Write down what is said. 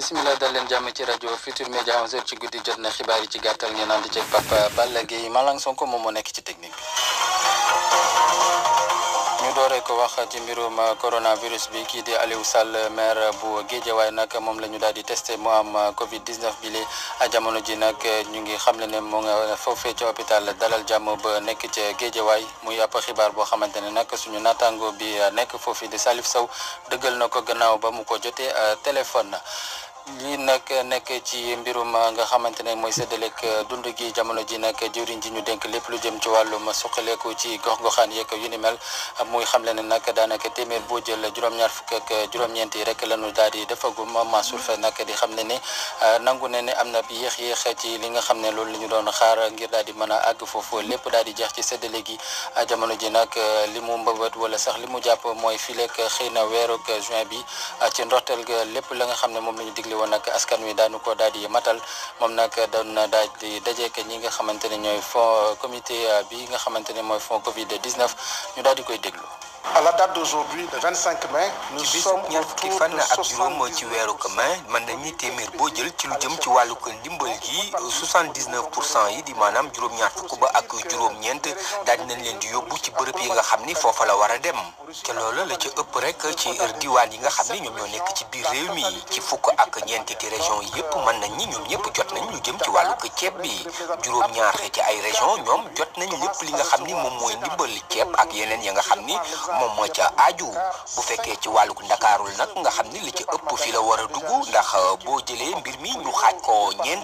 bisimilah dal leen jàmm ci rajo Futur Media 11h ci guddi jot na xibaar yi ci gàttal ngeen ànd ceeg Papa Balla Gueye Malang Sonko moom moo nekk ci technique bi. ñu dooree ko wax ci mbirum coronavirus bi kii di Aliou Sall maire bu Guédiawaye nag moom la ñu daal di testé mu am Covid 19 bi jamono ji nag ñu ngi xam ne mu nga foofee ca hôpital dalal jàmm ba nekk ca Guédiawaye mu yàpp xibaar boo xamante ne nag suñu naataango bi nekk foofu di Salif saw dëggal na ko gannaaw ba mu ko jotee euh, téléphone. lii nag nekk ci mbirum euh, nga xamante ne mooy seddaleek euh, dund gi jamono ji nag jëwriñ ji ñu dénk lépp lu jëm ci wàllum suqaleeku ci gox-goxaan yeeg yu ni mel muy xam le ne nag daanaka téeméer boo jël juróom-ñaar fukk ak euh, juróom-ñeent yi rek lañu daal di defagum Mansour Faye nag di xam ne ni nangu ne ne am na yéex-yéex ci li nga xam ne loolu la ñu doon xaar ngir daal di mën a àgg foofu lépp daal di jeex ci séddale gi jamono ji nag li mu mbëbët wala sax li mu jàpp mooy fileeg xëy na weerug juin bi ci ndorteel lépp la nga xam ne moom la ñu digle woon nag askan wi daanu ko daal di matal moom nag doon na daal di dajeek ñi nga xamante ne ñooy fond comité euh, bi nga xamante ne mooy fond Covid 19 ñu daal di koy déglu. à la date d'aujourd'hui le 25 mai. nous sommes ñaar fukki fan ak juróom ci weeru mai man nañu téeméer boo jël ci lu jëm ci wàllu ko ndimbal gi 79 pour cent yi di maanaam juróom-ñaar fukk ba ak juróom-ñeent daal nañ leen di yóbbu ci bërëb yi nga xam ni foofa la war a dem te loola la ci ëpp rek ci diwaan yi nga xam ne ñoom ñoo nekk ci biir réew mi ci fukk ak ñeent ti région yëpp mën nañ ñi ñoom ñëpp jot nañ lu jëm ci wàllu ko ceeb bi juróom-ñaar ci ay région ñoom jot nañu lépp li nga xam ni moom mooy ndimbal ceeb ak yeneen ya nga xam ni moom moo ca aju bu fekkee ci wàllug ndakaarul nag nga xam ni li ci ëpp fi la war a dugg ndax boo jëlee mbir mi ñu xaaj ko ñeent